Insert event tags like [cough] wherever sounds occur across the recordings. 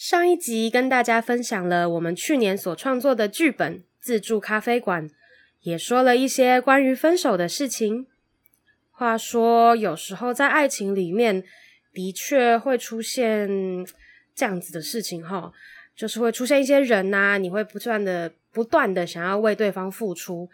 上一集跟大家分享了我們去年所創作的劇本《自助咖啡館》，也說了一些關於分手的事情。話說，有時候在愛情裡面，的確會出現這樣子的事情哈，就是會出現一些人吶，你會不斷的、不斷的想要為對方付出，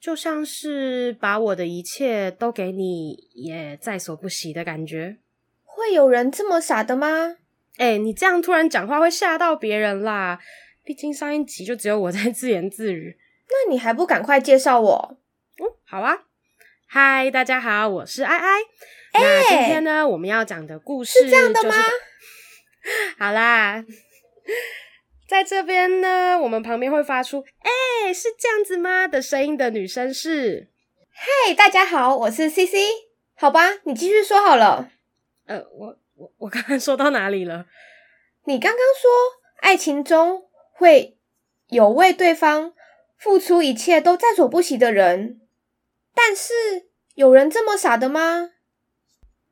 就像是把我的一切都給你，也在所不惜的感覺。會有人這麼傻的嗎？哎、欸，你這樣突然講話會嚇到別人啦！畢竟上一集就只有我在自言自語，那你還不趕快介紹我？嗯，好啊。嗨，大家好，我是艾艾。欸，那今天呢，我們要講的故事，就是，是這樣的嗎？ [laughs] 好啦， [laughs] 在這邊呢，我們旁邊會發出“哎、欸，是這樣子嗎”的聲音的女生是。嗨，hey, 大家好，我是 CC。好吧，你繼續說好了。呃，我。我我剛剛說到哪裡了？你剛剛說愛情中會有為對方付出一切都在所不惜的人，但是有人這麼傻的嗎？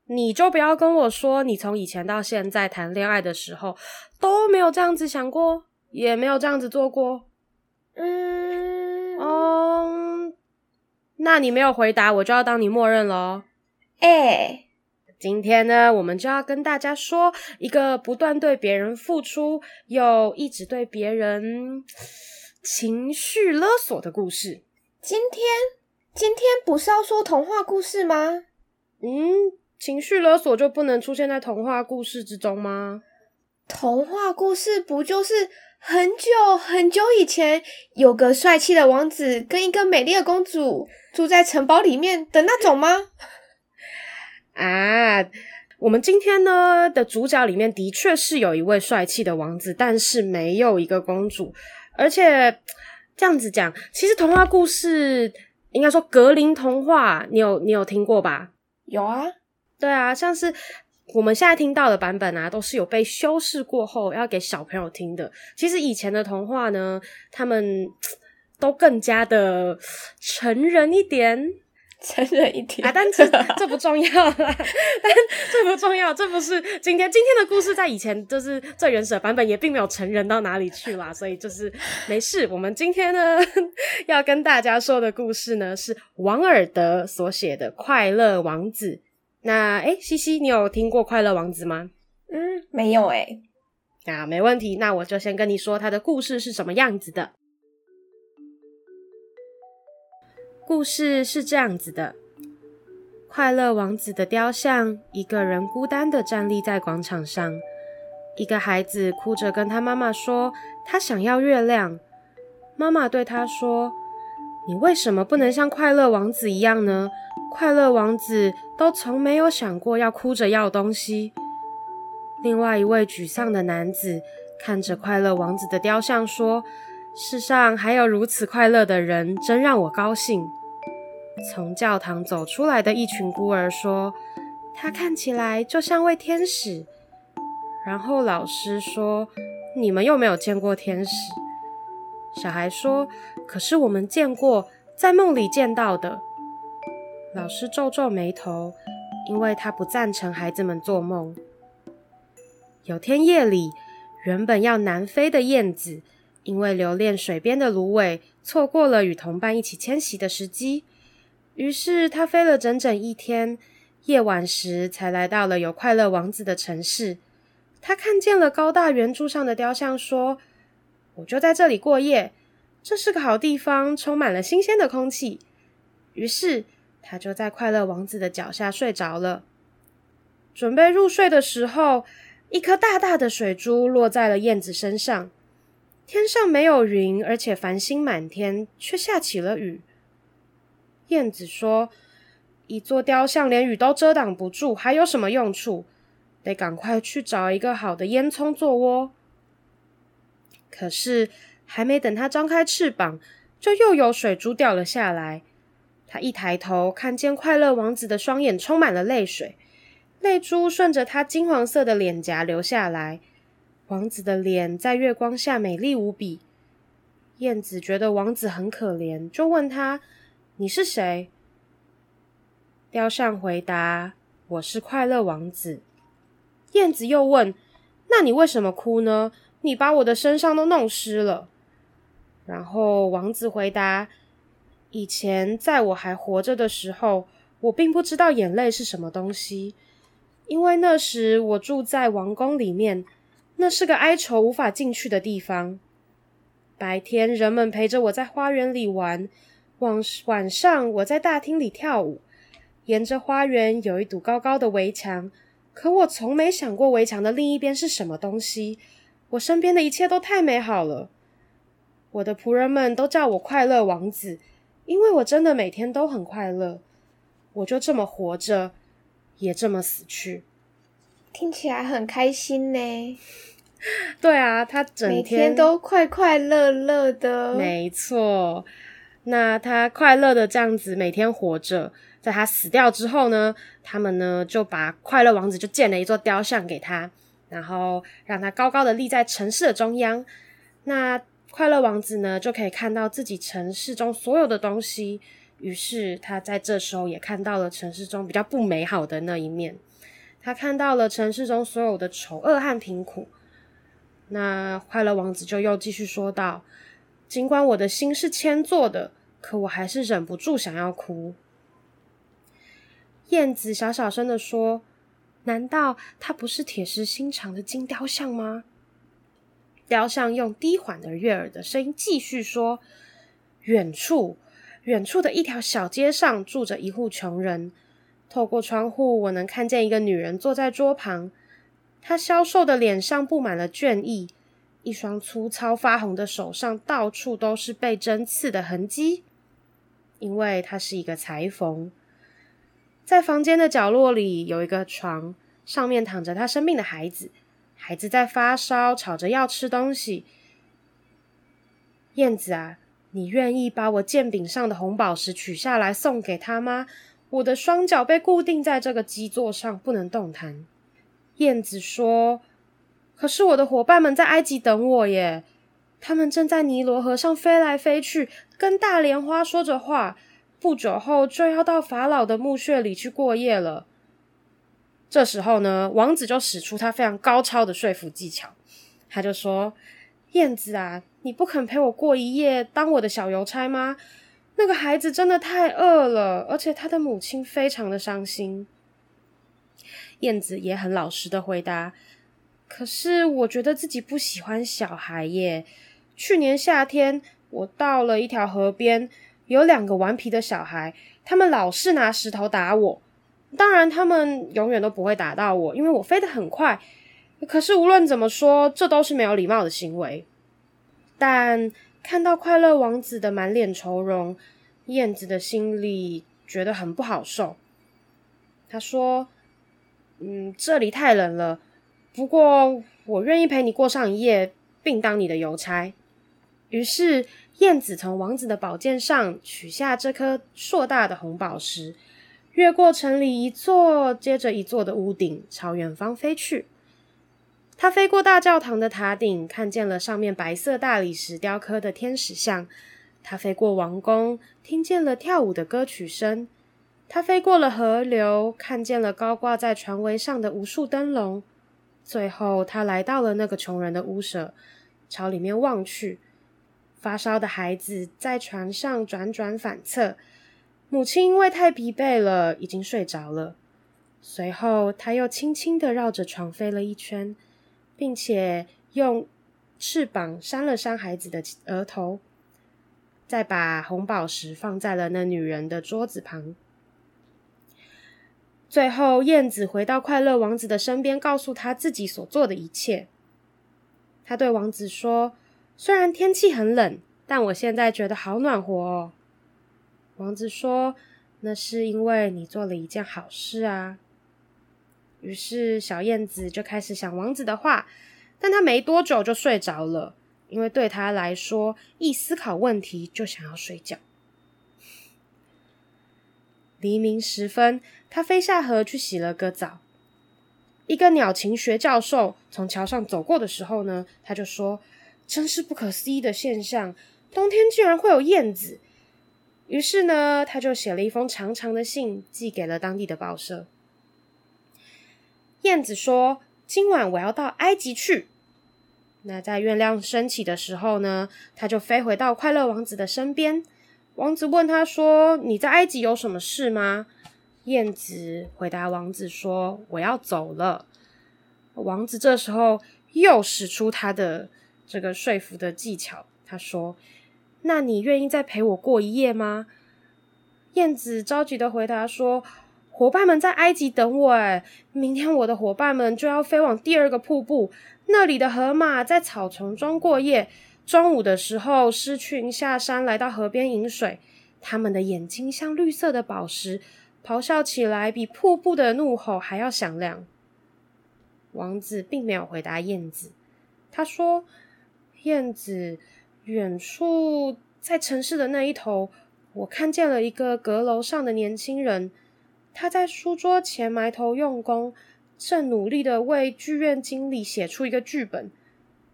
你就不要跟我說，你從以前到現在談戀愛的時候都沒有這樣子想過，也沒有這樣子做過。嗯，哦，oh, 那你沒有回答，我就要當你默認了。哎、欸。今天呢，我們就要跟大家說一個不斷對別人付出，又一直對別人情緒勒索的故事。今天，今天不是要說童話故事嗎？嗯，情緒勒索就不能出現在童話故事之中嗎？童話故事不就是很久很久以前有個帥氣的王子跟一個美麗的公主住在城堡裡面的那種嗎？ [laughs] 啊，我們今天呢的主角裡面的確是有一位帥氣的王子，但是沒有一個公主。而且這樣子講，其實童話故事應該說格林童話，你有你有聽過吧？有啊，對啊，像是我們現在聽到的版本啊，都是有被修飾過後要給小朋友聽的。其實以前的童話呢，他們都更加的成人一點。成人一點啊，但這這不重要啦， [laughs] 但這不重要，這不是今天今天的故事，在以前就是最原始的版本，也並沒有成人到哪裡去啦，所以就是沒事。我們今天呢要跟大家說的故事呢是王爾德所寫的《快樂王子》。那哎、欸，西西，你有聽過《快樂王子》嗎？嗯，沒有哎、欸。啊，沒問題，那我就先跟你說他的故事是什麼樣子的。故事是這樣子的：快樂王子的雕像，一個人孤單地站立在廣場上。一個孩子哭着跟他媽媽說：“他想要月亮。”媽媽對他說：“你為什麼不能像快樂王子一樣呢？快樂王子都從沒有想過要哭着要東西。”另外一位沮喪的男子看着快樂王子的雕像說：世上還有如此快樂的人，真讓我高興。從教堂走出來的一群孤兒說：“他看起來就像位天使。”然後老師說：“你們又沒有見過天使。”小孩說：“可是我們見過，在夢裡見到的。”老師皺皺眉頭，因為他不贊成孩子們做夢。有天夜裡，原本要南飛的燕子。因為留戀水邊的蘆葦，錯過了與同伴一起遷徙的時機，於是他飛了整整一天，夜晚時才來到了有快樂王子的城市。他看見了高大圓柱上的雕像，說：“我就在這裡過夜，這是個好地方，充滿了新鮮的空氣。”於是他就在快樂王子的腳下睡着了。準備入睡的時候，一顆大大的水珠落在了燕子身上。天上沒有雲，而且繁星滿天，卻下起了雨。燕子說：“一座雕像連雨都遮擋不住，還有什麼用處？得趕快去找一個好的煙囪做窩。”可是還沒等它張開翅膀，就又有水珠掉了下來。它一抬頭，看見快樂王子的雙眼充滿了淚水，淚珠順着它金黃色的臉頰流下來。王子的臉在月光下美麗無比。燕子覺得王子很可憐，就問他：“你是誰？”雕像回答：“我是快樂王子。”燕子又問：“那你為什麼哭呢？你把我的身上都弄濕了。”然後王子回答：“以前在我還活着的時候，我並不知道眼淚是什麼東西，因為那時我住在王宮裡面。”那是個哀愁無法進去的地方。白天，人們陪着我在花園裡玩；晚晚上，我在大廳裡跳舞。沿着花園有一堵高高的圍牆，可我從沒想過圍牆的另一邊是什麼東西。我身邊的一切都太美好了。我的僕人們都叫我快樂王子，因為我真的每天都很快樂。我就這麼活着，也這麼死去。聽起來很開心呢。 [laughs] 對啊，他整天，每天都快快樂樂的。沒錯，那他快樂的這樣子每天活着，在他死掉之後呢，他們呢就把快樂王子就建了一座雕像給他，然後讓他高高的立在城市的中央。那快樂王子呢就可以看到自己城市中所有的東西。於是他在這時候也看到了城市中比較不美好的那一面。他看到了城市中所有的醜惡和貧苦。那快樂王子就又繼續說道：“儘管我的心是鉛做的，可我還是忍不住想要哭。”燕子小小聲的說：“難道他不是鐵石心腸的金雕像嗎？”雕像用低緩的悅耳的聲音繼續說：“遠處，遠處的一條小街上住着一戶窮人。”透過窗戶，我能看見一個女人坐在桌旁，她消瘦的臉上布滿了倦意，一雙粗糙發紅的手上到處都是被針刺的痕跡，因為她是一個裁縫。在房間的角落裡有一個床，上面躺着她生病的孩子，孩子在發燒，吵着要吃東西。燕子啊，你願意把我劍柄上的紅寶石取下來送給他嗎？我的雙腳被固定在這個基座上，不能動彈。燕子說：“可是我的夥伴們在埃及等我耶，他們正在尼羅河上飛來飛去，跟大蓮花說着話。不久後就要到法老的墓穴裡去過夜了。”這時候呢，王子就使出他非常高超的說服技巧，他就說：“燕子啊，你不肯陪我過一夜，當我的小郵差嗎？”那個孩子真的太餓了，而且他的母親非常的傷心。燕子也很老實的回答：“可是我覺得自己不喜歡小孩耶。去年夏天，我到了一條河邊，有兩個頑皮的小孩，他們老是拿石頭打我。當然，他們永遠都不會打到我，因為我飛得很快。可是無論怎麼說，這都是沒有禮貌的行為。但……”看到快樂王子的滿臉愁容，燕子的心裡覺得很不好受。他說：“嗯，這裡太冷了，不過我願意陪你過上一夜，並當你的郵差。”於是，燕子從王子的寶劍上取下這顆碩大的紅寶石，越過城裡一座接着一座的屋頂，朝遠方飛去。他飛過大教堂的塔頂，看見了上面白色大理石雕刻的天使像。他飛過王宮，聽見了跳舞的歌曲聲。他飛過了河流，看見了高掛在船桅上的無數燈籠。最後，他來到了那個窮人的屋舍，朝裡面望去。發燒的孩子在船上輾轉反側，母親因為太疲憊了已經睡着了。隨後，他又輕輕地繞着床飛了一圈。並且用翅膀扇了扇孩子的額頭，再把紅寶石放在了那女人的桌子旁。最後，燕子回到快樂王子的身邊，告訴他自己所做的一切。他對王子說：“雖然天氣很冷，但我現在覺得好暖和哦。”王子說：“那是因為你做了一件好事啊。”於是，小燕子就開始想王子的話，但她沒多久就睡着了，因為對她來說，一思考問題就想要睡覺。黎明時分，她飛下河去洗了個澡。一個鳥禽學教授從橋上走過的時候呢，他就說：“真是不可思議的現象，冬天竟然會有燕子。”於是呢，他就寫了一封長長的信，寄給了當地的報社。燕子說：“今晚我要到埃及去。”那在月亮升起的時候呢，他就飛回到快樂王子的身邊。王子問他說：“你在埃及有什麼事嗎？”燕子回答王子說：“我要走了。”王子這時候又使出他的這個說服的技巧，他說：“那你願意再陪我過一夜嗎？”燕子着急的回答說，伙伴們在埃及等我，哎、欸！明天我的伙伴們就要飛往第二個瀑布，那裡的河馬在草叢中過夜。中午的時候，獅群下山來到河邊飲水，他們的眼睛像綠色的寶石，咆哮起來比瀑布的怒吼還要響亮。王子並沒有回答燕子，他說：“燕子，遠處在城市的那一頭，我看見了一個閣樓上的年輕人。”他在書桌前埋頭用功，正努力的為劇院經理寫出一個劇本，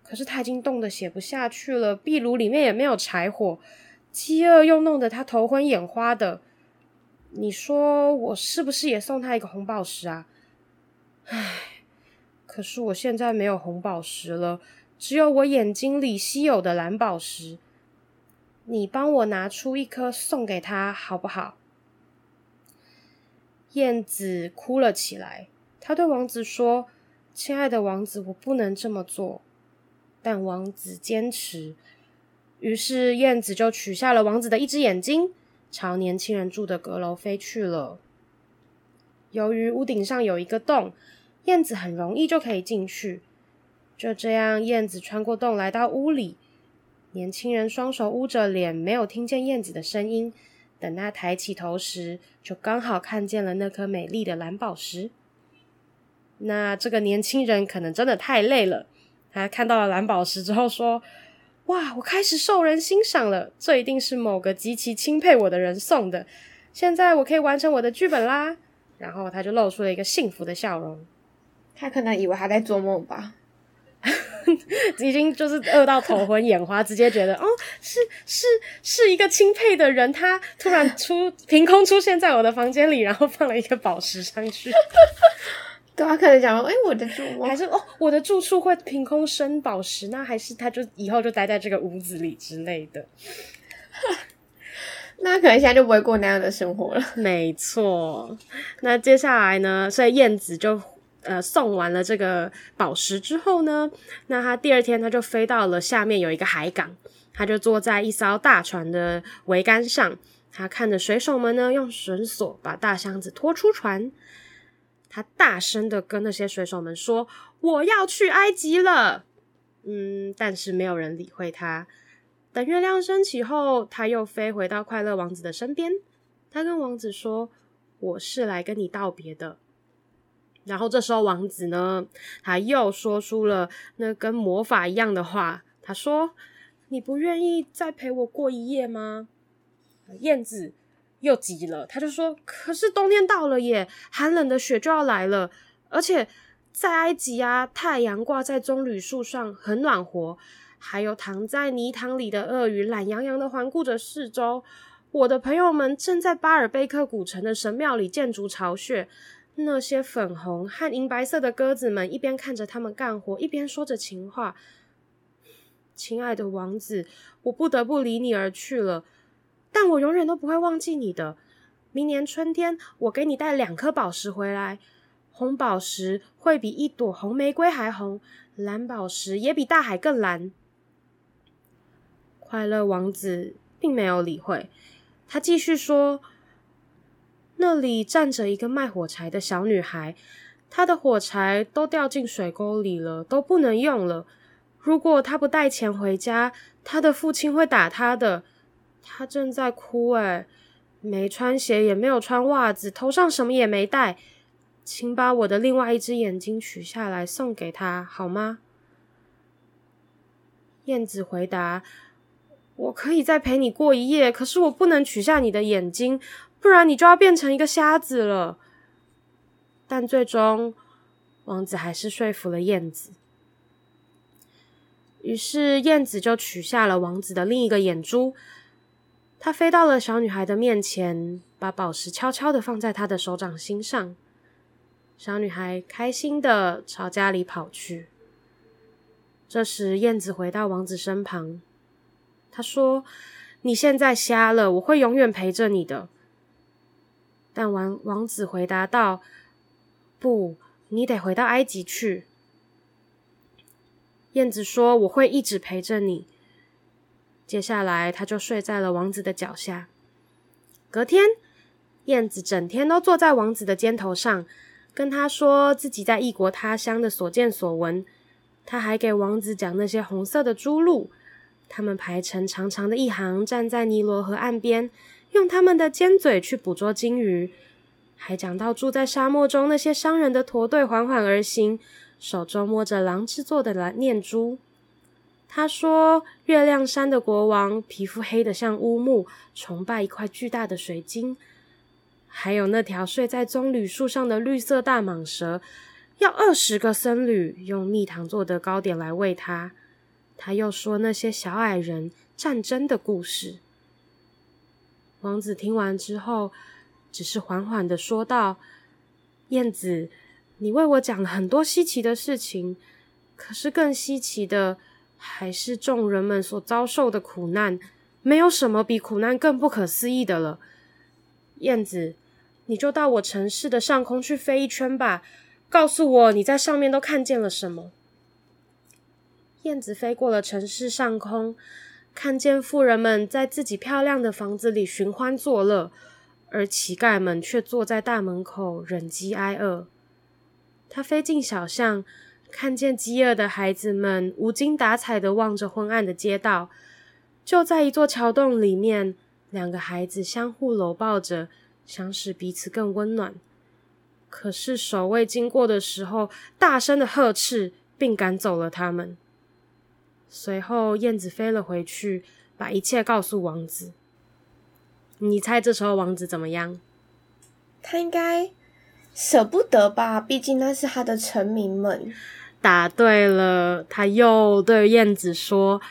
可是他已經凍得寫不下去了，壁爐裡面也沒有柴火，飢餓又弄得他頭昏眼花的。你說我是不是也送他一個紅寶石啊？唉，可是我現在沒有紅寶石了，只有我眼睛裡稀有的藍寶石。你幫我拿出一顆送給他好不好？燕子哭了起來，她對王子說：“親愛的王子，我不能這麼做。”但王子堅持，於是燕子就取下了王子的一隻眼睛，朝年輕人住的閣樓飛去了。由於屋頂上有一個洞，燕子很容易就可以進去。就這樣，燕子穿過洞來到屋裡，年輕人雙手捂着臉，沒有聽見燕子的聲音。等他抬起頭時，就剛好看見了那顆美麗的藍寶石。那這個年輕人可能真的太累了。他看到了藍寶石之後說：“哇，我開始受人欣賞了！這一定是某個極其欽佩我的人送的。現在我可以完成我的劇本啦！”然後他就露出了一個幸福的笑容。他可能以為他在做夢吧。 [laughs] 已經就是餓到頭昏眼花， [laughs] 直接覺得哦，是是是一個欽佩的人，他突然出憑空出現在我的房間裡，然後放了一個寶石上去。 [laughs] [laughs] 對，他可能想說：“哎，我的住還是哦，我的住處會憑空生寶石，那還是他就以後就待在這個屋子裡之類的。 [laughs] ” [laughs] 那可能現在就不會過那樣的生活了。沒錯，那接下來呢？所以燕子就。呃，送完了這個寶石之後呢，那他第二天他就飛到了下面有一個海港，他就坐在一艘大船的桅杆上，他看着水手們呢，用繩索把大箱子拖出船，他大聲的跟那些水手們說：“我要去埃及了。”嗯，但是沒有人理會他。等月亮升起後，他又飛回到快樂王子的身邊，他跟王子說：“我是來跟你道別的。”然後這時候，王子呢，他又說出了那跟魔法一樣的話。他說：“你不願意再陪我過一夜嗎？”燕子又急了，他就說：“可是冬天到了耶，寒冷的雪就要來了。而且在埃及啊，太陽掛在棕櫚樹上，很暖和。還有躺在泥塘裡的鱷魚，懶洋洋的環顧着四周。我的朋友們正在巴爾貝克古城的神廟裡建築巢穴。”那些粉紅和銀白色的鴿子們一邊看着他們幹活，一邊說着情話：“親愛的王子，我不得不離你而去了，但我永遠都不會忘記你的。明年春天，我給你帶兩顆寶石回來，紅寶石會比一朵紅玫瑰還紅，藍寶石也比大海更藍。”快樂王子並沒有理會，他繼續說。那裡站着一個賣火柴的小女孩，她的火柴都掉進水溝裡了，都不能用了。如果她不帶錢回家，她的父親會打她的。她正在哭、欸，哎，沒穿鞋，也沒有穿襪子，頭上什麼也沒戴。請把我的另外一隻眼睛取下來送給她好嗎？燕子回答：“我可以再陪你過一夜，可是我不能取下你的眼睛。”不然你就要變成一個瞎子了。但最終，王子還是說服了燕子。於是燕子就取下了王子的另一個眼珠。他飛到了小女孩的面前，把寶石悄悄的放在她的手掌心上。小女孩開心的朝家裡跑去。這時燕子回到王子身旁，她說：“你現在瞎了，我會永遠陪着你的。”但王王子回答道：“不，你得回到埃及去。”燕子說：“我會一直陪着你。”接下來，他就睡在了王子的腳下。隔天，燕子整天都坐在王子的肩頭上，跟他說自己在異國他鄉的所見所聞。他還給王子講那些紅色的朱鷺，他們排成長長的一行，站在尼羅河岸邊。用他們的尖嘴去捕捉金魚，還講到住在沙漠中那些商人的駝隊緩緩而行，手中摸着狼制作的念珠。他說，月亮山的國王皮膚黑得像烏木，崇拜一塊巨大的水晶。還有那條睡在棕櫚樹上的綠色大蟒蛇，要二十個僧侶用蜜糖做的糕點來餵它。他又說那些小矮人戰爭的故事。王子聽完之後，只是緩緩的說道：“燕子，你為我講了很多稀奇的事情，可是更稀奇的還是眾人們所遭受的苦難。沒有什麼比苦難更不可思議的了。燕子，你就到我城市的上空去飛一圈吧，告訴我你在上面都看見了什麼。”燕子飛過了城市上空。看見富人們在自己漂亮的房子裡尋歡作樂，而乞丐們卻坐在大門口忍飢挨餓。他飛進小巷，看見飢餓的孩子們無精打采的望着昏暗的街道。就在一座橋洞裡面，兩個孩子相互摟抱着，想使彼此更溫暖。可是守衛經過的時候，大聲的呵斥，並趕走了他們。隨後，燕子飛了回去，把一切告訴王子。你猜這時候王子怎麼樣？他應該捨不得吧，畢竟那是他的臣民們。答對了，他又對燕子說：“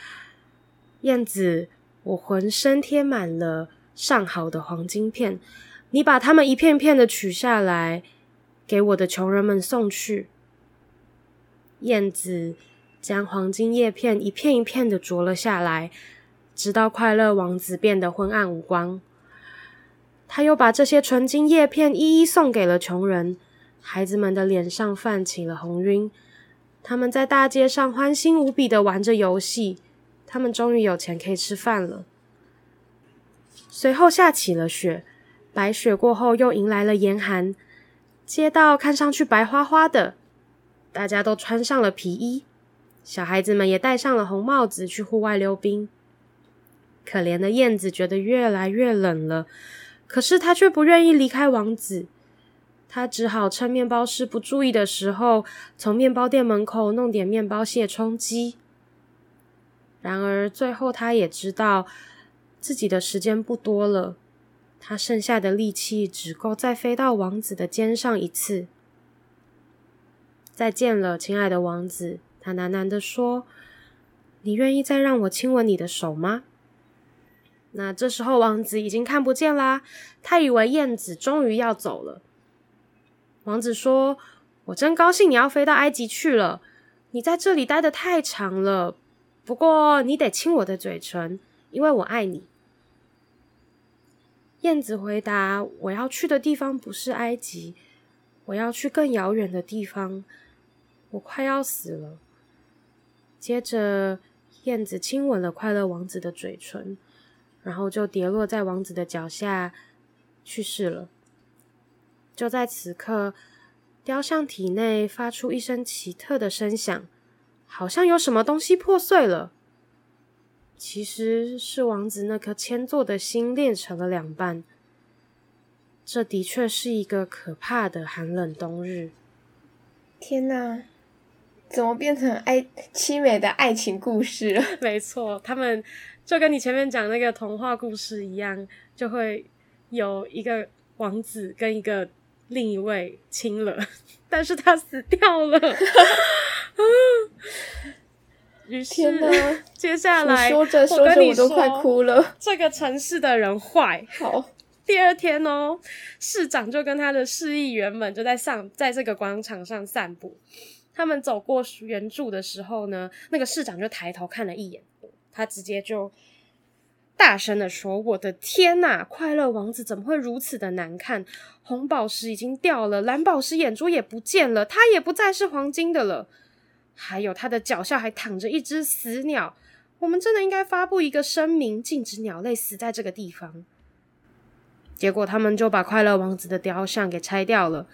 燕子，我渾身貼滿了上好的黃金片，你把它們一片片的取下來，給我的窮人們送去。”燕子。將黃金葉片一片一片的啄了下來，直到快樂王子變得昏暗無光。他又把這些純金葉片一一送給了窮人。孩子們的臉上泛起了紅暈，他們在大街上歡欣無比的玩着遊戲。他們終於有錢可以吃飯了。隨後下起了雪，白雪過後又迎來了嚴寒，街道看上去白花花的，大家都穿上了皮衣。小孩子們也戴上了紅帽子去戶外溜冰。可憐的燕子覺得越來越冷了，可是他卻不願意離開王子。他只好趁面包師不注意的時候，從面包店門口弄點面包屑充飢。然而，最後他也知道自己的時間不多了。他剩下的力氣只夠再飛到王子的肩上一次。再見了，親愛的王子。他喃喃地說：“你願意再讓我親吻你的手嗎？”那這時候，王子已經看不見啦。他以為燕子終於要走了。王子說：“我真高興你要飛到埃及去了。你在這裡待得太長了。不過你得親我的嘴唇，因為我愛你。”燕子回答：“我要去的地方不是埃及，我要去更遙遠的地方。我快要死了。”接着，燕子親吻了快樂王子的嘴唇，然後就跌落在王子的腳下，去世了。就在此刻，雕像體內發出一聲奇特的聲響，好像有什麼東西破碎了。其實是王子那顆鉛做的心裂成了兩半。這的確是一個可怕的寒冷冬日。天哪！怎麼變成愛淒美的愛情故事了？沒錯，他們就跟你前面講那個童話故事一樣，就會有一個王子跟一個另一位親了，但是他死掉了。 [laughs] [laughs] 於是呢，天哪，接下來說着說着你說都快哭了。這個城市的人壞。好，第二天哦，市長就跟他的市議員們就在上在這個廣場上散步。他們走過圓柱的時候呢，那個市長就抬頭看了一眼，他直接就大聲地說：“我的天哪、啊！快樂王子怎麼會如此的難看？紅寶石已經掉了，藍寶石眼珠也不見了，他也不再是黃金的了。還有他的腳下還躺着一只死鳥。我們真的應該發布一個聲明，禁止鳥類死在這個地方。”結果他們就把快樂王子的雕像給拆掉了。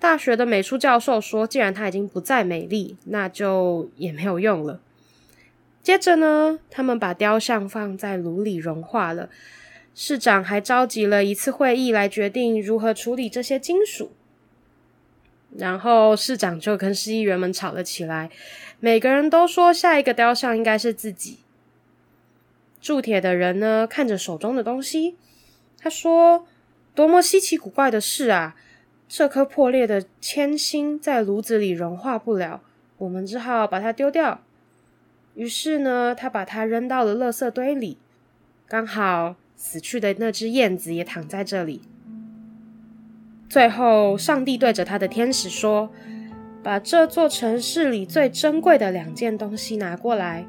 大學的美術教授說：“既然它已經不再美麗，那就也沒有用了。”接着呢，他們把雕像放在爐裡融化了。市長還召集了一次會議來決定如何處理這些金屬。然後市長就跟市議員們吵了起來，每個人都說下一個雕像應該是自己。鑄鐵的人呢，看著手中的東西，他說：“多麼稀奇古怪的事啊！”這顆破裂的鉛心在爐子裡融化不了，我們只好把它丟掉。於是呢，他把它扔到了垃圾堆裡。剛好死去的那隻燕子也躺在這裡。最後，上帝對着他的天使說：“把這座城市裡最珍貴的兩件東西拿過來。”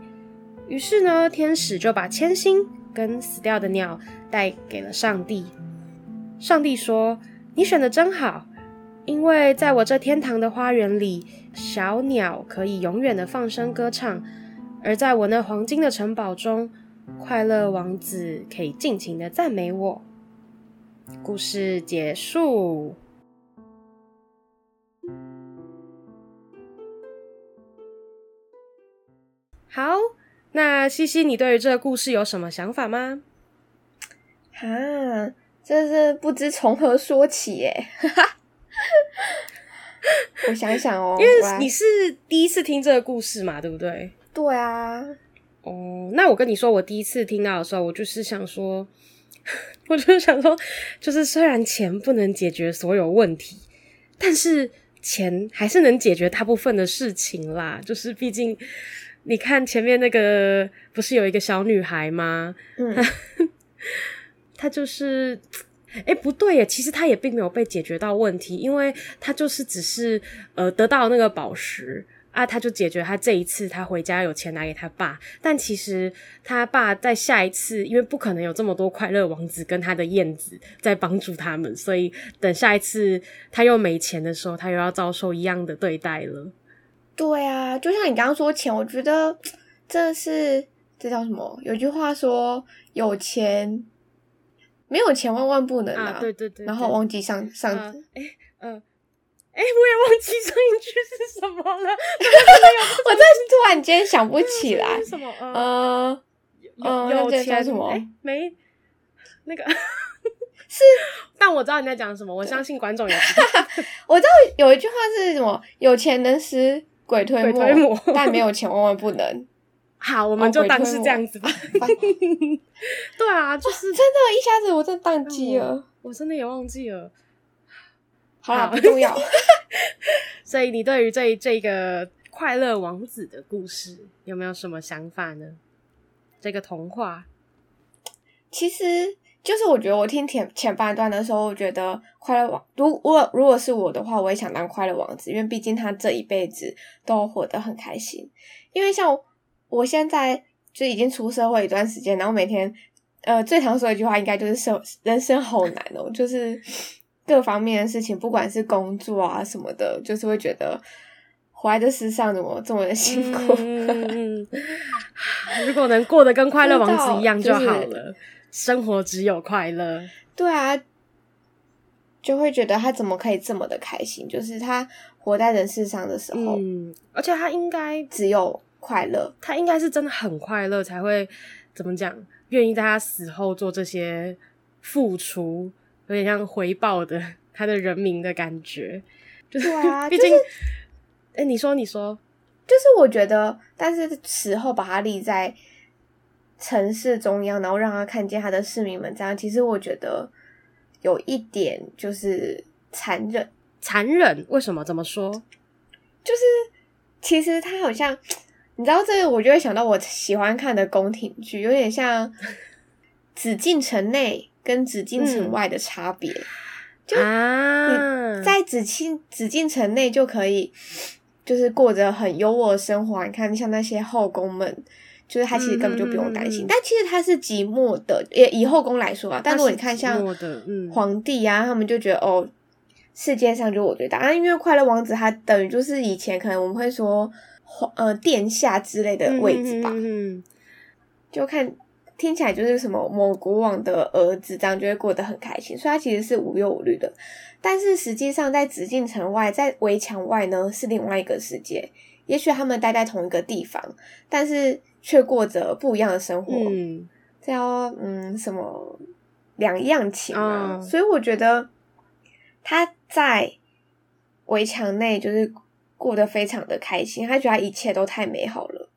於是呢，天使就把鉛心跟死掉的鳥帶給了上帝。上帝說：“你選的真好。”因為在我這天堂的花園裡，小鳥可以永遠的放聲歌唱；而在我那黃金的城堡中，快樂王子可以盡情的讚美我。故事結束。好，那西西，你對於這個故事有什麼想法嗎？啊，這是不知從何說起耶。 [laughs] 我想想哦， [laughs] 因為你是第一次聽這個故事嘛，對不對？對啊，哦，oh, 那我跟你說，我第一次聽到的時候，我就是想說，我就是想說，就是雖然錢不能解決所有問題，但是錢還是能解決大部分的事情啦。就是畢竟，你看前面那個不是有一個小女孩嗎？嗯， [laughs] 她就是。誒，不對耶！其實他也並沒有被解決到問題，因為他就是只是呃得到那個寶石啊，他就解決他這一次他回家有錢拿給他爸。但其實他爸在下一次，因為不可能有這麼多快樂王子跟他的燕子在幫助他們，所以等下一次他又沒錢的時候，他又要遭受一樣的對待了。對啊，就像你剛剛說錢，我覺得這是這叫什麼？有句話說有錢。沒有錢萬萬不能啊！對對對，然後忘記上上哎嗯哎，我也忘記上一句是什麼了，我真的是突然間想不起來什麼呃，有錢什麼沒那個是，但我知道你在講什麼。我相信觀眾有，我知道有一句話是什麼，有錢能使鬼推磨，但沒有錢萬萬不能。好，我們就當是這樣子吧。哦、啊 [laughs] 對啊，就是、啊、真的，一下子我真宕機了，啊我，我真的也忘記了。好啦，不重要。 [laughs] 所以，你對於這這個快樂王子的故事有沒有什麼想法呢？這個童話，其實就是我覺得，我聽前前半段的時候，我覺得快樂王，如我如果是我的話，我也想當快樂王子，因為畢竟他這一輩子都活得很開心。因為像。我現在就已經出社會一段時間，然後每天，呃，最常說的一句話應該就是“生、人生好難哦”，就是各方面的事情，不管是工作啊什麼的，就是會覺得活在這世上怎麼這麼的辛苦？嗯、 [laughs] 如果能過得跟快樂王子一樣就好了，就是、生活只有快樂。對啊，就會覺得他怎麼可以這麼的開心？就是他活在人世上的時候，嗯，而且他應該只有。快樂，他應該是真的很快樂，才會怎麼講？願意在他死後做這些付出，有點像回報的他的人民的感覺，就是對啊，畢竟，哎、就是欸，你說，你說，就是我覺得，但是死後把他立在城市中央，然後讓他看見他的市民們這樣，其實我覺得有一點就是殘忍，殘忍，為什麼？怎麼說？就是其實他好像。你知道這個，我就會想到我喜歡看的宮廷劇，有點像紫禁城內跟紫禁城外的差別。嗯、就在紫禁、啊、紫禁城內就可以，就是過着很優渥的生活。你看，像那些後宮們，就是他其實根本就不用擔心。嗯、但其實他是寂寞的，也以後宮來說啊。但如果你看像皇帝啊，嗯、他們就覺得哦，世界上就我最大、啊。那因為快樂王子他等於就是以前可能我們會說。呃，殿下之類的位置吧，嗯哼哼，就看聽起來就是什麼某國王的兒子，這樣就會過得很開心，所以他其實是無憂無慮的。但是實際上，在紫禁城外，在圍牆外呢，是另外一個世界。也許他們待在同一個地方，但是卻過着不一樣的生活。嗯，這樣，嗯什麼兩樣情啊？哦，所以我覺得他在圍牆內就是。過得非常的開心，他覺得一切都太美好了。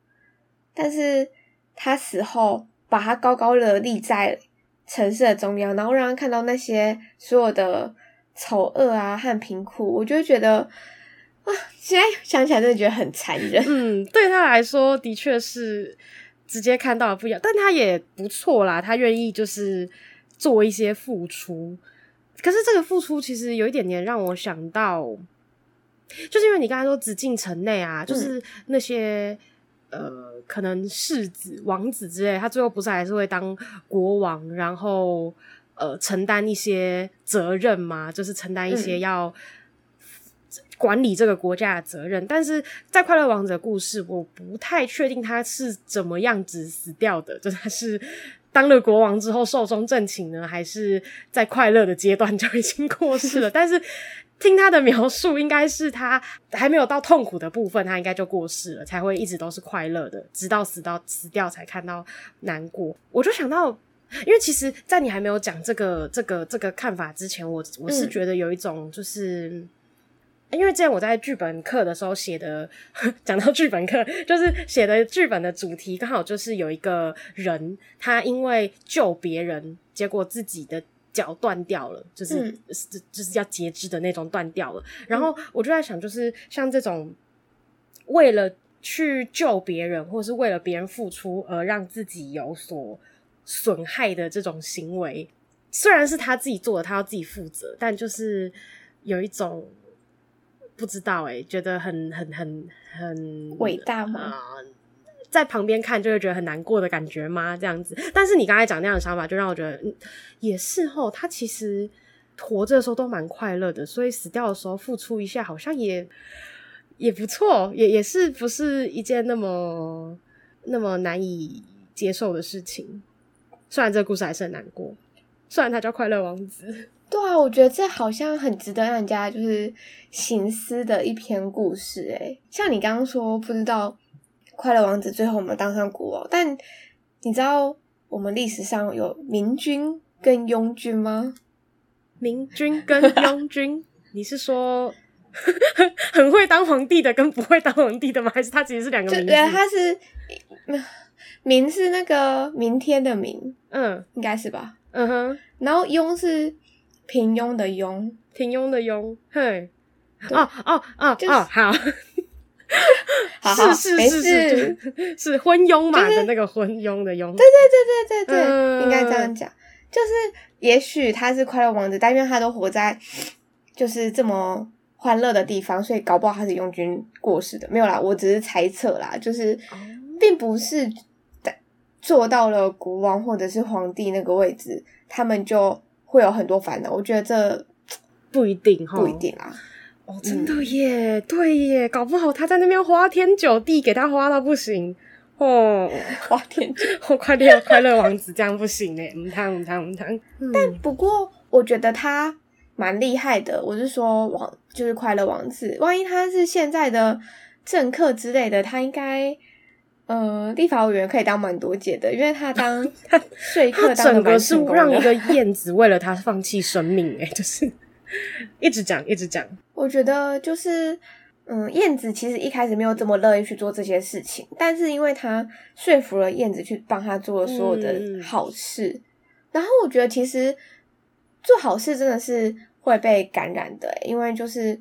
但是他死後，把他高高的立在城市的中央，然後讓他看到那些所有的醜惡啊和貧苦，我就覺得啊，現在想起來真的覺得很殘忍。嗯，對他來說的確是直接看到了不一樣，但他也不錯啦，他願意就是做一些付出。可是這個付出其實有一點點讓我想到。就是因為你剛才說紫禁城內啊，就是那些、嗯、呃，可能世子、王子之類，他最後不是還是會當國王，然後呃，承擔一些責任嘛，就是承擔一些要管理這個國家的責任。嗯、但是在《快樂王子》的故事，我不太確定他是怎麼樣子死掉的，就他是當了國王之後壽終正寢呢，還是在快樂的階段就已經過世了？ [laughs] 但是。聽他的描述，應該是他還沒有到痛苦的部分，他應該就過世了，才會一直都是快樂的，直到死到死掉才看到難過。我就想到，因為其實，在你還沒有講這個、這個、這個看法之前，我我是覺得有一種，就是、嗯、因為之前我在劇本課的時候寫的，講到劇本課，就是寫的劇本的主題，剛好就是有一個人，他因為救別人，結果自己的。腳斷掉了，就是、嗯呃、就是要截肢的那種斷掉了。然後我就在想，就是像這種為了去救別人，或是為了別人付出而讓自己有所損害的這種行為，雖然是他自己做的，他要自己負責，但就是有一種不知道哎、欸，覺得很很很很偉大嗎？呃在旁邊看就會覺得很難過的感覺嗎？這樣子，但是你剛才講那樣的想法，就讓我覺得，嗯，也是哦。他其實活着的時候都蠻快樂的，所以死掉的時候付出一下，好像也也不錯，也也是不是一件那麼那麼難以接受的事情。雖然這個故事還是很難過，雖然他叫快樂王子，對啊，我覺得這好像很值得讓人家就是尋思的一篇故事，欸。誒，像你剛剛說，不知道。快樂王子最後我們當上國王，但你知道我們歷史上有明君跟庸君嗎？明君跟庸君， [laughs] 你是說 [laughs] 很會當皇帝的跟不會當皇帝的嗎？還是他其實兩個名字？對、啊，他是明是那個明天的明，嗯，應該是吧，嗯哼。然後庸是平庸的庸，平庸的庸，嘿，哦哦哦哦，就是，好。 [laughs] 好好是是是是，事就是、是昏庸嘛的那個昏庸的庸、就是，對對對對對對，呃、應該這樣講。就是也許他是快樂王子，但因為他都活在就是這麼歡樂的地方，所以搞不好他是庸君過世的。沒有啦，我只是猜測啦，就是並不是坐到了國王或者是皇帝那個位置，他們就會有很多煩惱。我覺得這不一定，不一定啊。哦，oh, 真的耶，嗯、對耶，搞不好他在那邊花天酒地，給他花到不行哦，喔、花天酒快樂快樂王子這樣不行哎，我們唔我們看但不過我覺得他蠻厲害的，我是說王就是快樂王子，萬一他是現在的政客之類的，他應該呃立法委員可以當蠻多屆的，因為他當說客當 [laughs] 他整個是讓一個燕子為了他放棄生命誒就是一直講一直講。我覺得就是，嗯，燕子其實一開始沒有這麼樂意去做這些事情，但是因為他說服了燕子去幫他做了所有的好事，嗯、然後我覺得其實做好事真的是會被感染的，因為就是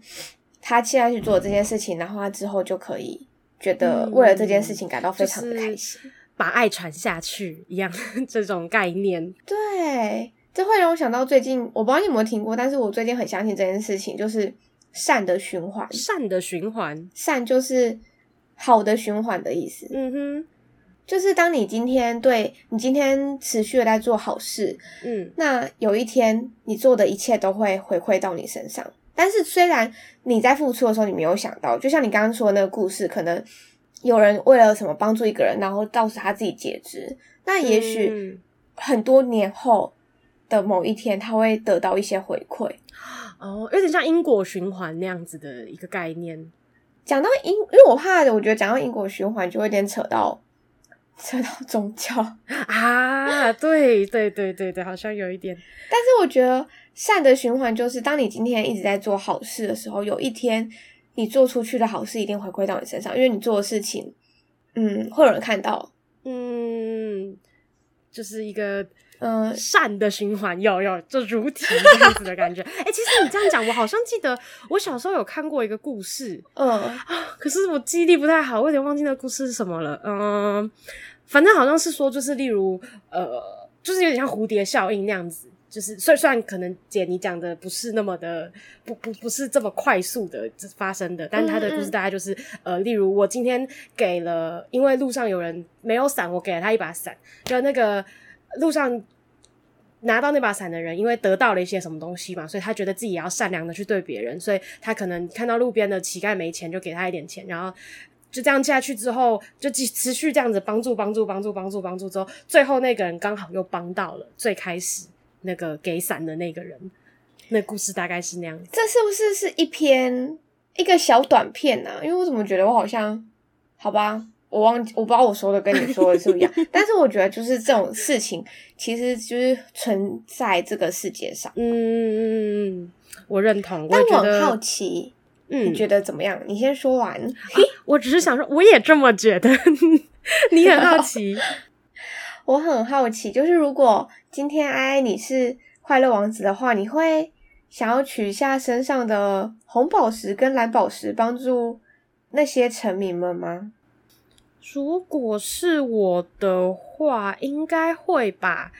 他現在去做這件事情的話，然後他之後就可以覺得為了這件事情感到非常的開心，嗯就是、把愛傳下去一樣這種概念。對，這會讓我想到最近，我不知道你有沒有聽過，但是我最近很相信這件事情，就是。善的循環，善的循環，善就是好的循環的意思。嗯哼，就是當你今天對你今天持續的在做好事，嗯，那有一天你做的一切都會回饋到你身上。但是雖然你在付出的時候你沒有想到，就像你剛剛說的那個故事，可能有人為了什麼幫助一個人，然後導致他自己截肢，那也許很多年後的某一天他會得到一些回饋。嗯哦，oh, 有點像因果循環那樣子的一個概念。講到因，因為我怕，我覺得講到因果循環就會有點扯到扯到宗教。啊，對對對對對，好像有一點。 [laughs] 但是我覺得善的循環就是，當你今天一直在做好事的時候，有一天你做出去的好事一定回饋到你身上，因為你做的事情，嗯，會有人看到，嗯，就是一個。呃，善的循環要要，就如題這樣子的感覺。哎、 [laughs] 欸，其實你這樣講，我好像記得我小時候有看過一個故事，嗯， [laughs] 可是我記憶力不太好，我有點忘記那個故事是什麼了。嗯、呃，反正好像是說，就是例如，呃，就是有點像蝴蝶效應那樣子，就是雖，雖然可能姐你講的不是那麼的不不，不是這麼快速的發生的，但他，它的故事大概就是，嗯嗯呃，例如我今天給了，因為路上有人沒有傘，我給了他一把傘，就那個。路上拿到那把傘的人，因為得到了一些什麼東西嘛，所以他覺得自己也要善良的去對別人，所以他可能看到路邊的乞丐沒錢就給他一點錢，然後就這樣下去之後，就持續這樣子幫助幫助幫助幫助幫助之後，最後那個人剛好又幫到了最開始那個給傘的那個人。那故事大概是那樣子。這是不是是一篇一個小短片呢？啊？因為我怎麼覺得我好像……好吧。我忘記，我不知道我說的跟你說的是不一樣。 [laughs] 但是我覺得，就是這種事情，其實就是存在這個世界上。嗯嗯嗯嗯，我認同。我但我很好奇，嗯，你覺得怎麼樣？嗯、你先說完、啊。我只是想說，我也這麼覺得。 [laughs] [laughs] 你很好奇， [laughs] 我很好奇，就是如果今天哎、啊啊，你是快樂王子的話，你會想要取下身上的紅寶石跟藍寶石，幫助那些臣民們嗎？如果是我的話，應該會吧。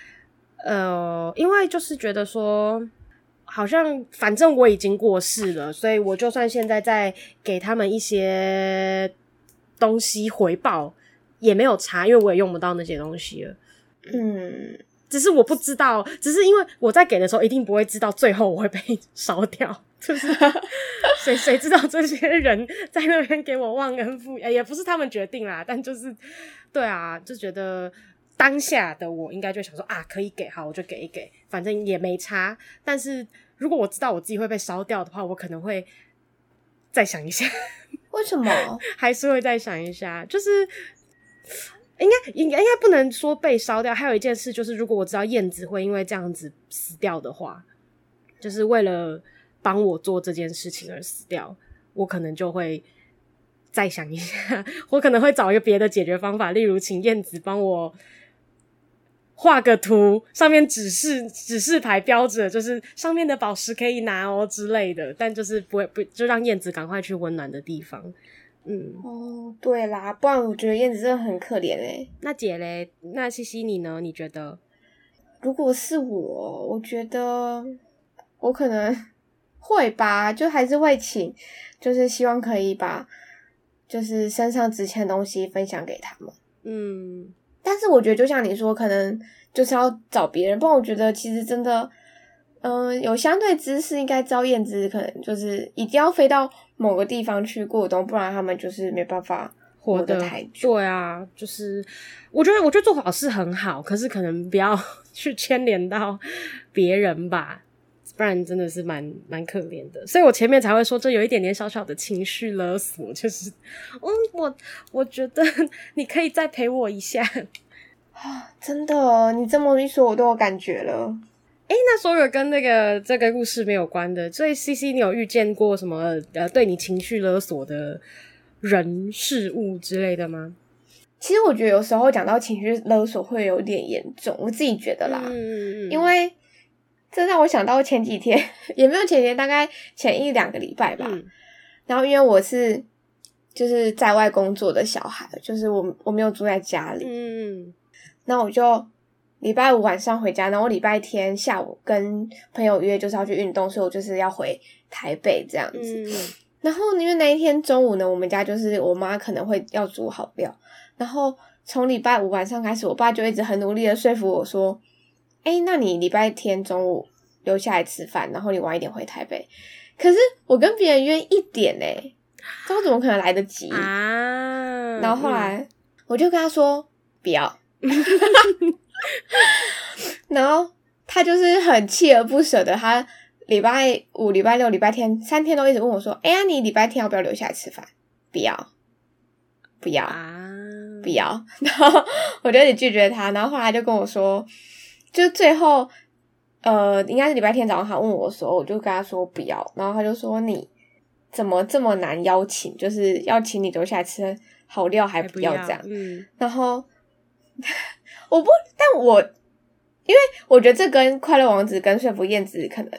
呃，因為就是覺得說，好像反正我已經過世了，所以我就算現在在給他們一些東西回報，也沒有差，因為我也用不到那些東西了。嗯，只是我不知道，只是因為我在給的時候，一定不會知道最後我會被燒掉。就是啊，誰誰知道這些人在那邊給我忘恩負義，也不是他們決定啦，但就是，對啊，就覺得當下的我應該就想說啊，可以給，好，我就給一給，反正也沒差。但是如果我知道我自己會被燒掉的話，我可能會再想一下，為什麼還是會再想一下？就是應該應該應該不能說被燒掉。還有一件事就是，如果我知道燕子會因為這樣子死掉的話，就是為了。幫我做這件事情而死掉，我可能就會再想一下，我可能會找一個別的解決方法，例如請燕子幫我畫個圖，上面指示指示牌標着就是上面的寶石可以拿哦之類的，但就是不會不就讓燕子趕快去溫暖的地方。嗯，哦對啦，不然我覺得燕子真的很可憐哎、欸。那姐嘞，那茜茜你呢？你覺得如果是我，我覺得我可能。會吧，就還是會請，就是希望可以把就是身上值錢的東西分享給他們。嗯，但是我覺得就像你說，可能就是要找別人。不然我覺得其實真的，嗯，有相對知識應該招燕子，可能就是一定要飛到某個地方去過冬，不然他們就是沒辦法活得太久的。對啊，就是我覺得，我覺得做法是很好，可是可能不要 [laughs] 去牽連到別人吧。不然真的是蠻蠻可憐的，所以我前面才會說這有一點點小小的情緒勒索，就是，嗯，我我覺得你可以再陪我一下啊，真的，你這麼一說，我都有感覺了。欸，那所有跟那個這個故事沒有關的，所以 CC，你有遇見過什麼呃對你情緒勒索的人事物之類的嗎？其實我覺得有時候講到情緒勒索會有點嚴重，我自己覺得啦，嗯，因為。這讓我想到我前幾天，也沒有前幾天，大概前一兩個禮拜吧。嗯、然後，因為我是就是在外工作的小孩，就是我我沒有住在家裡。嗯，那我就禮拜五晚上回家，然後禮拜天下午跟朋友約就是要去運動，所以我就是要回台北這樣子。嗯、然後因為那一天中午呢，我們家就是我媽可能會要煮好料，然後從禮拜五晚上開始，我爸就一直很努力的說服我說。哎、欸，那你禮拜天中午留下來吃飯，然後你晚一點回台北。可是我跟別人約一點嘞、欸，我怎麼可能來得及啊？然後後來我就跟他說、嗯、不要， [laughs] 然後他就是很鍥而不捨的，他禮拜五、禮拜六、禮拜天三天都一直問我說：“哎、欸、呀、啊，你禮拜天要不要留下來吃飯？”不要，不要啊，不要。啊、然後我覺得你拒絕他，然後後來就跟我說。就最後，呃，應該是禮拜天早上，他問我的時候，我就跟他說不要，然後他就說，你怎麼這麼難邀請？就是要請你留下來吃好料，還不要這樣，嗯、然後我不，但我因為我覺得這跟快樂王子跟說服燕子可能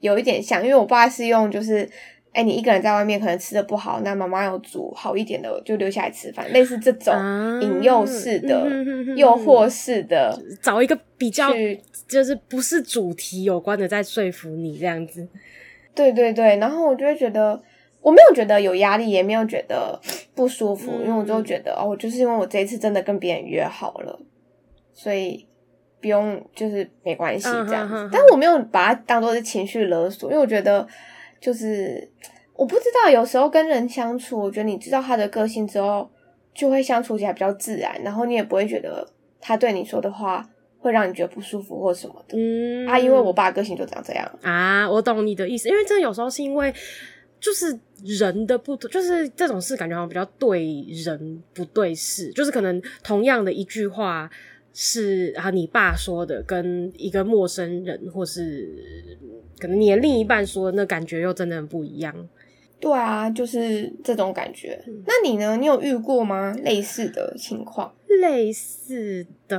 有一點像，因為我爸是用就是。哎、欸，你一個人在外面可能吃的不好，那媽媽要煮好一點的就留下來吃飯，嗯、類似這種引誘式的，誘、嗯嗯嗯、惑式的，找一個比較，去就是不是主題有關的，在說服你這樣子。對對對，然後我就會覺得我沒有覺得有壓力，也沒有覺得不舒服，嗯、因為我就覺得哦，我就是因為我這一次真的跟別人約好了，所以不用就是沒關係這樣、嗯嗯嗯、但我沒有把它當做是情緒勒索，因為我覺得。就是我不知道，有時候跟人相處，我覺得你知道他的個性之後，就會相處起來比較自然，然後你也不會覺得他對你說的話會讓你覺得不舒服或什麼的。嗯，他、啊、因為我爸的個性就長這樣啊，我懂你的意思，因為真的有時候是因為就是人的不同，就是這種事感覺好像比較對人不對事，就是可能同樣的一句話。是啊，你爸說的跟一個陌生人，或是可能你的另一半說的，嗯、那感覺又真的很不一樣。對啊，就是這種感覺。是那你呢？你有遇過嗎？類似的情況？類似的，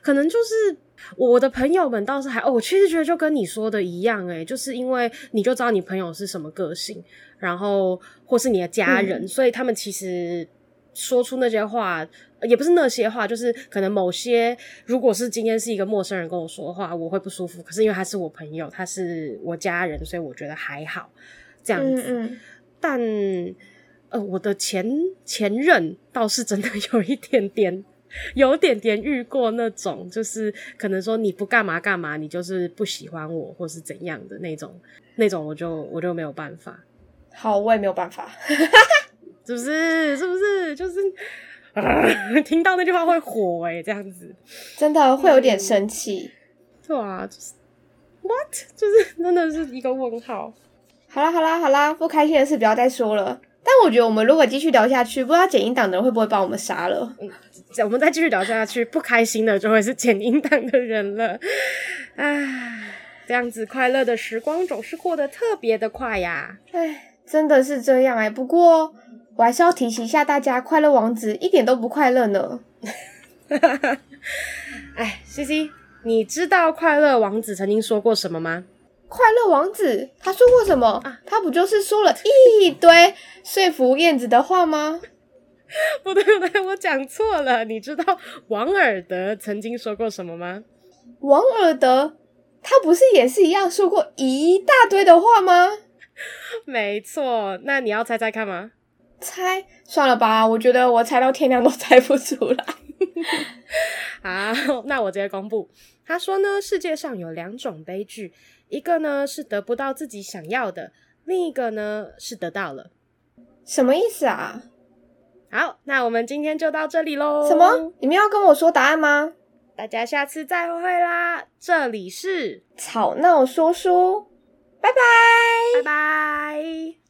可能就是我的朋友們倒是還……哦，我其實覺得就跟你說的一樣，欸，誒就是因為你就知道你朋友是什麼個性，然後或是你的家人，嗯、所以他們其實說出那些話。也不是那些話，就是可能某些，如果是今天是一個陌生人跟我說的話，我會不舒服。可是因為他是我朋友，他是我家人，所以我覺得還好，這樣子。嗯嗯。但呃，我的前前任倒是真的有一點點，有點點遇過那種，就是可能說你不幹嘛幹嘛，你就是不喜歡我，或是怎樣的那種，那種我就我就沒有辦法。好，我也沒有辦法， [laughs] [laughs] 是不是？是不是？就是。啊、聽到那句話會火誒、欸、這樣子真的會有點生氣，嗯，對啊，就是 what，就是真的是一個問號。好啦，好啦，好啦，不開心的事不要再說了。但我覺得我們如果繼續聊下去，不知道剪音檔的人會不會把我們殺了？我們再繼續聊下去，不開心的就會是剪音檔的人了。啊，這樣子快樂的時光總是過得特別的快呀、啊。唉，真的是這樣哎、欸。不過。我還是要提醒一下大家，快樂王子一點都不快樂呢。哎 [laughs] ，c [laughs] 西西，你知道快樂王子曾經說過什麼嗎？快樂王子他說過什麼啊？他不就是說了一堆說服燕子的話嗎？ [laughs] 不對，不對，我講錯了。你知道王爾德曾經說過什麼嗎？王爾德他不是也是一樣說過一大堆的話嗎？沒錯，那你要猜猜看嗎？猜算了吧，我覺得我猜到天亮都猜不出來。 [laughs] 好，那我直接公布。他說呢，世界上有兩種悲劇，一個呢是得不到自己想要的，另一個呢是得到了。什麼意思啊？好，那我們今天就到這裡嘍。什麼？你們要跟我說答案嗎？大家下次再會啦。這裡是吵鬧叔叔，拜拜，拜拜。